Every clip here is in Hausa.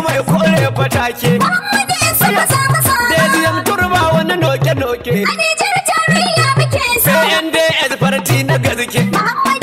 mai kore fatake. Dajiyan turba wani noke-noke. Hadijar tarayya muke so. Sai yan na gaske.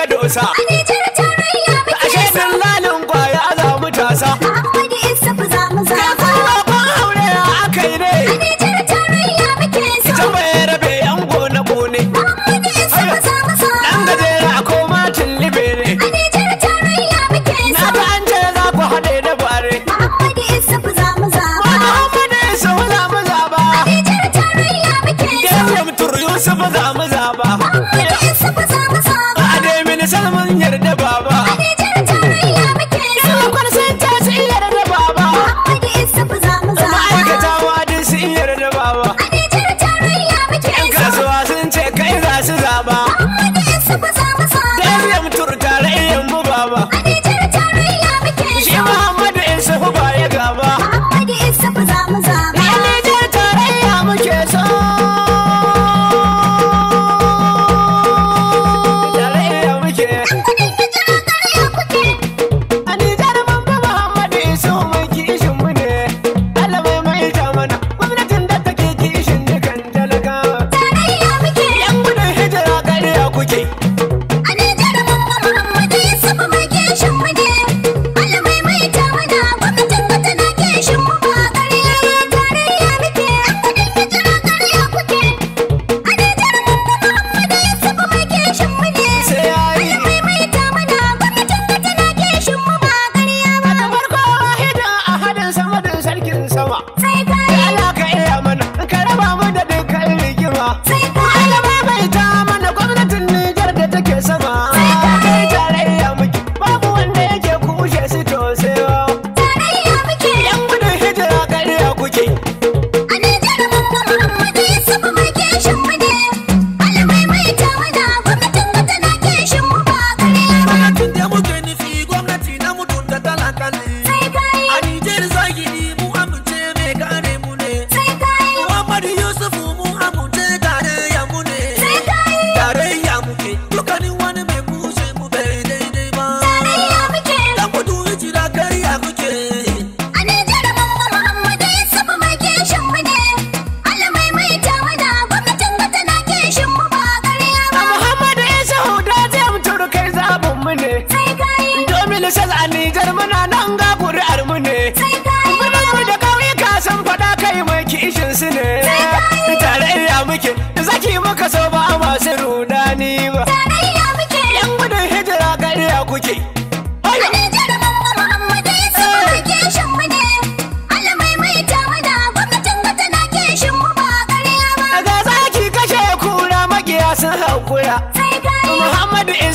ka dosa.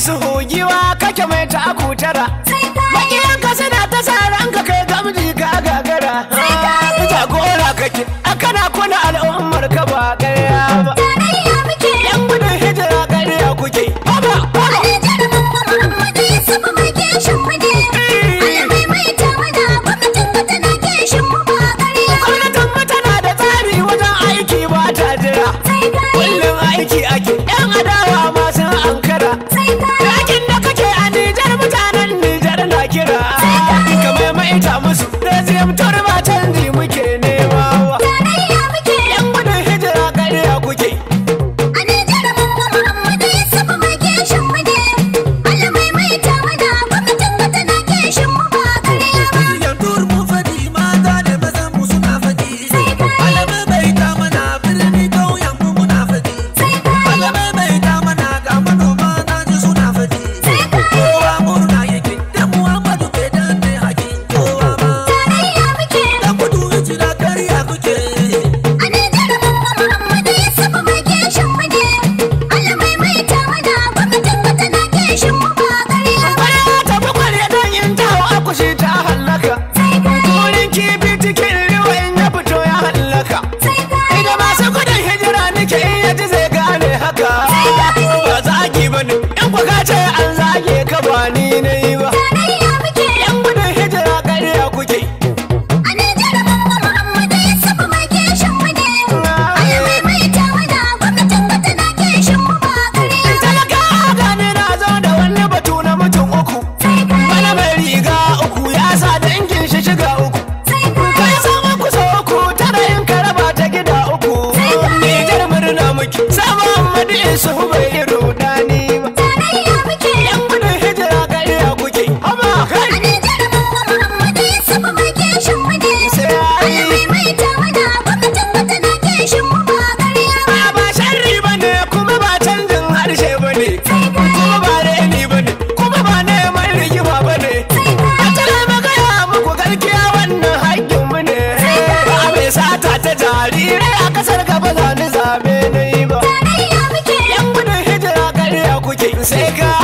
su hugiwa kake mai ta akutara. Maƙiyanka suna ta sa ranka kai gamji ka gagara. kasar gaba za ni zabe na yi ba. Tarayya muke. Yan gudun hijira karya kuke. Sai ka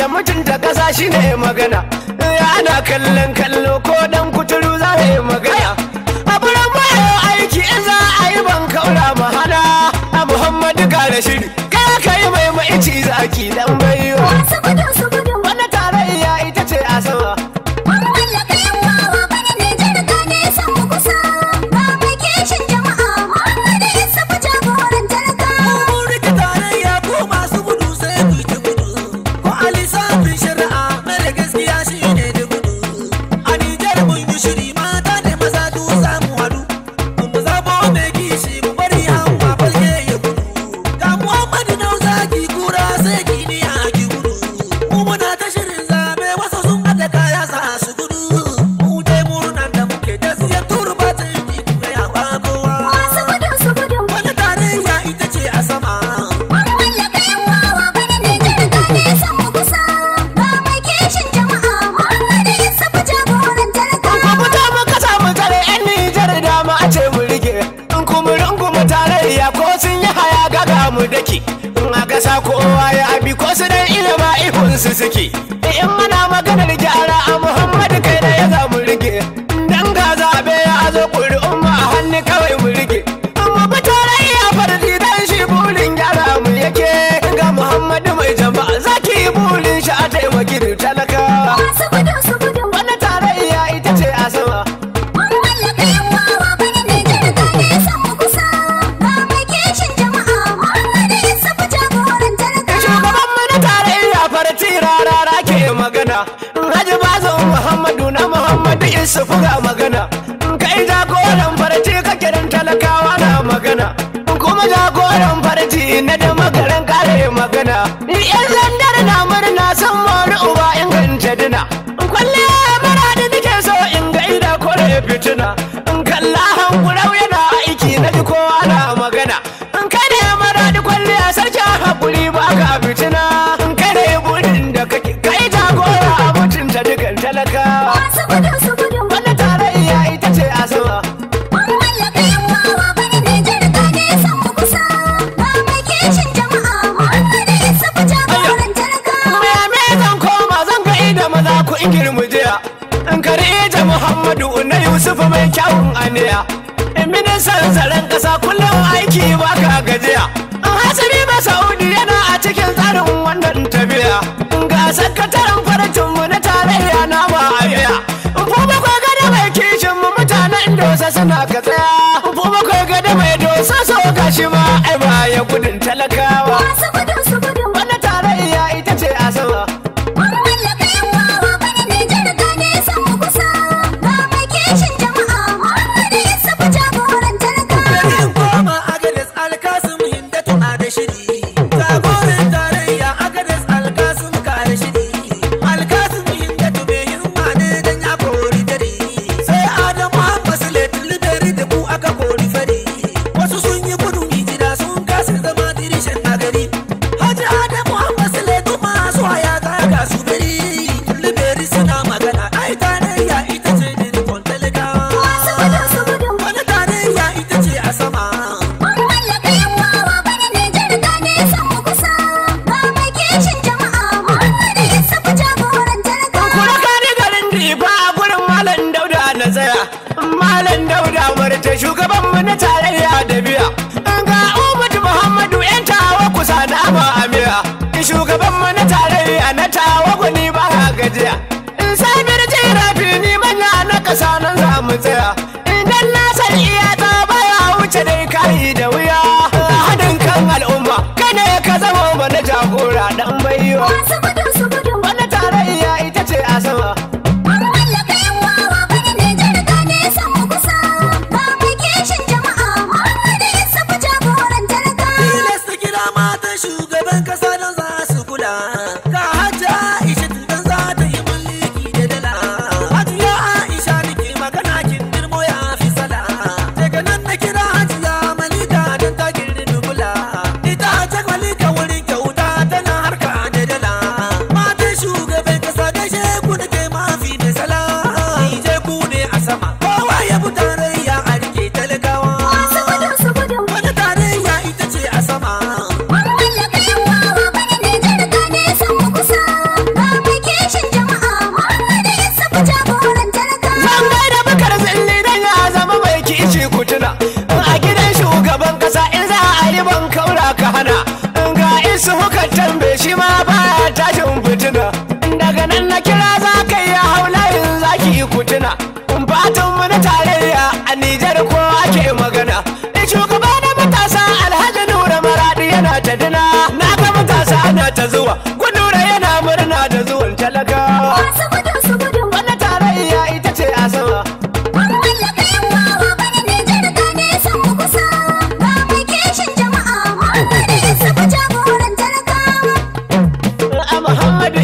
ya mutunta ƙasa shi ne magana ana kallon kallo ko dan kuturu za a yi magana a buran bayo aiki in za a yi ban kaura mahana a muhammadu kare shiri kai ka yi mai maici zaki dan bayo sana ka tsaya kuma kai da mai dosa sau gashi ma ai bayan ya gudun talakawa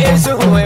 a away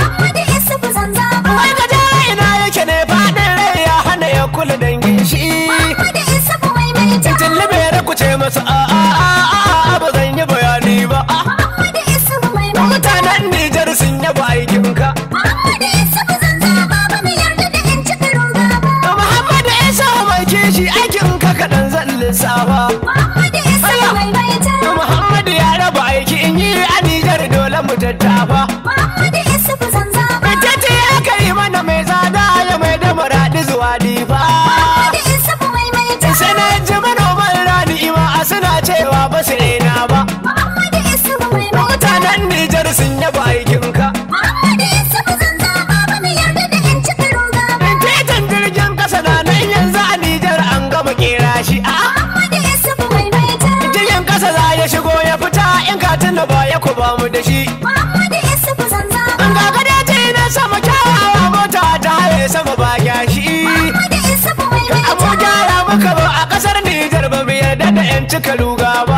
ku ba mu da shi Muhammadu Isufu zanzaba An gaga da ta mota ta haye sama ba gyashi Muhammadu ya muka ba a kasar Nijar ba mu yarda da 'yan cika luga ba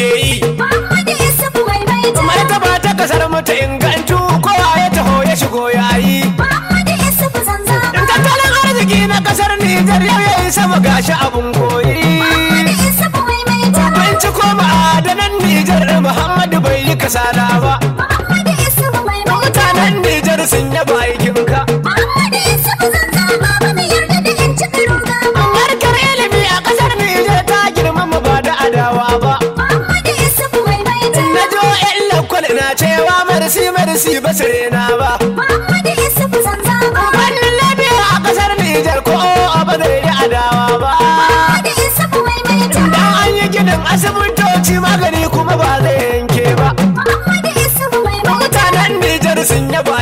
kasar Nijar yau ya yi sama gashi abun koyi. ko ma'adanan Nijar Muhammadu bai yi kasala ba. Mutanen Nijar sun yaba aikinka. ilimi a ƙasar Nijar ta girmama ba da adawa ba. Na jo 'yan lakwal na cewa marsi marsi ba. sun yaba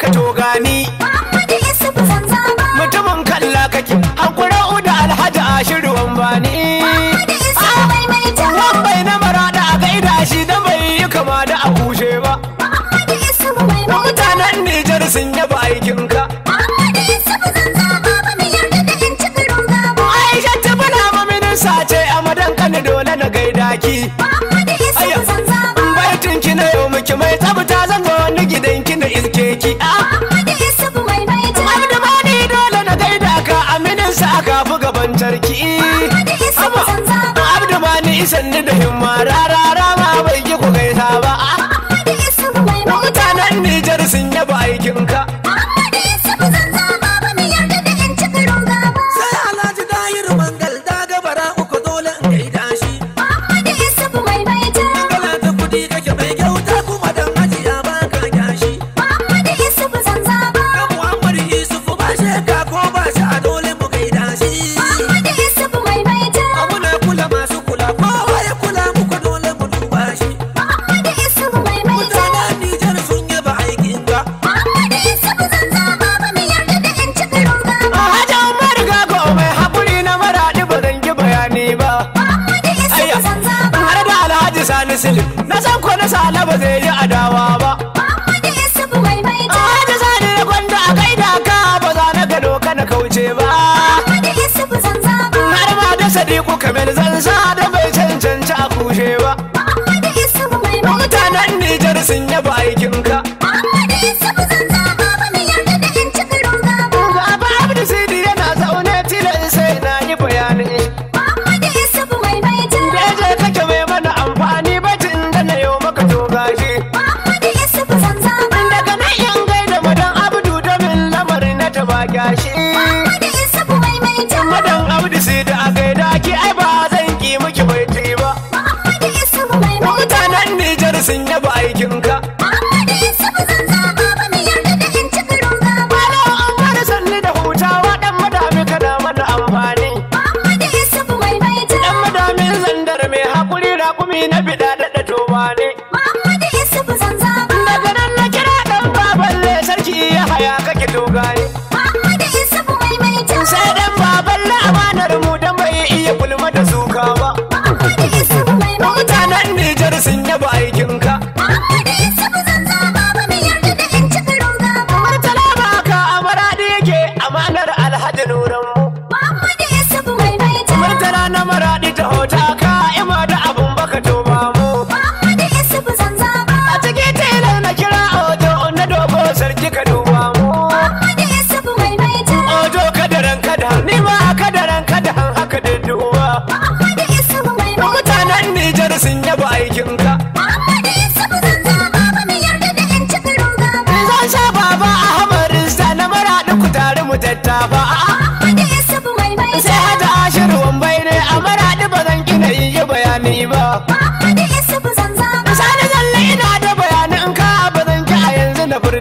ka to gani mutumin kalla kake hakura uda alhaji ashiru ambani bani ah, bai na marada a gaida shi da bai yi kama da akushe ba mutanen Nijar sun yaba aikin sanni da himma rara yaba aikinka. Muhammadu yarda da yana zaune tilan sai na yi bayani. Muhammadu Yusufu mai baita. je mai mana amfani bacin da na yau maka Daga nan yan gaida madan Abdu domin lamarin na ta ba kyashi. Madan a gaida ki ai zan ki ba. Mutanen Nijar sun yaba aikin amanar alhaji nuran mu. ya sabu mai maita. Murtala na maradi ta hota ka.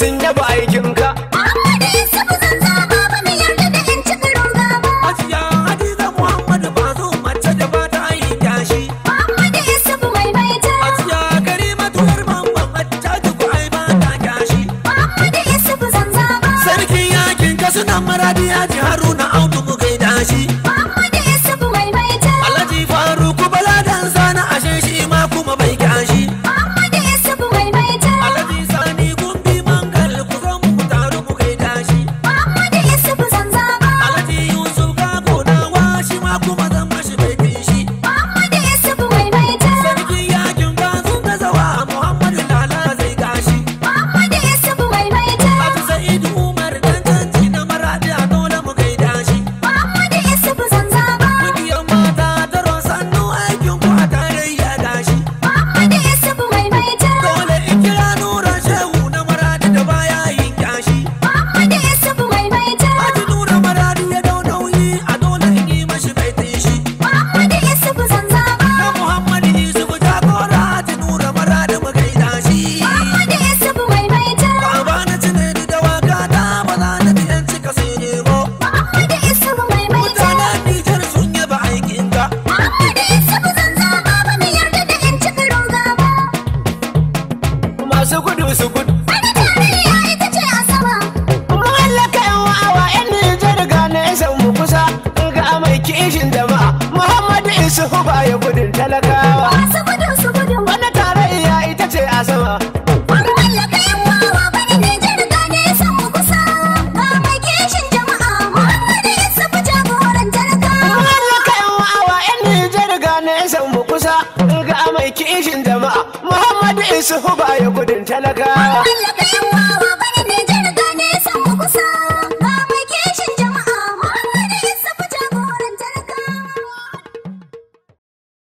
sun yaba aiki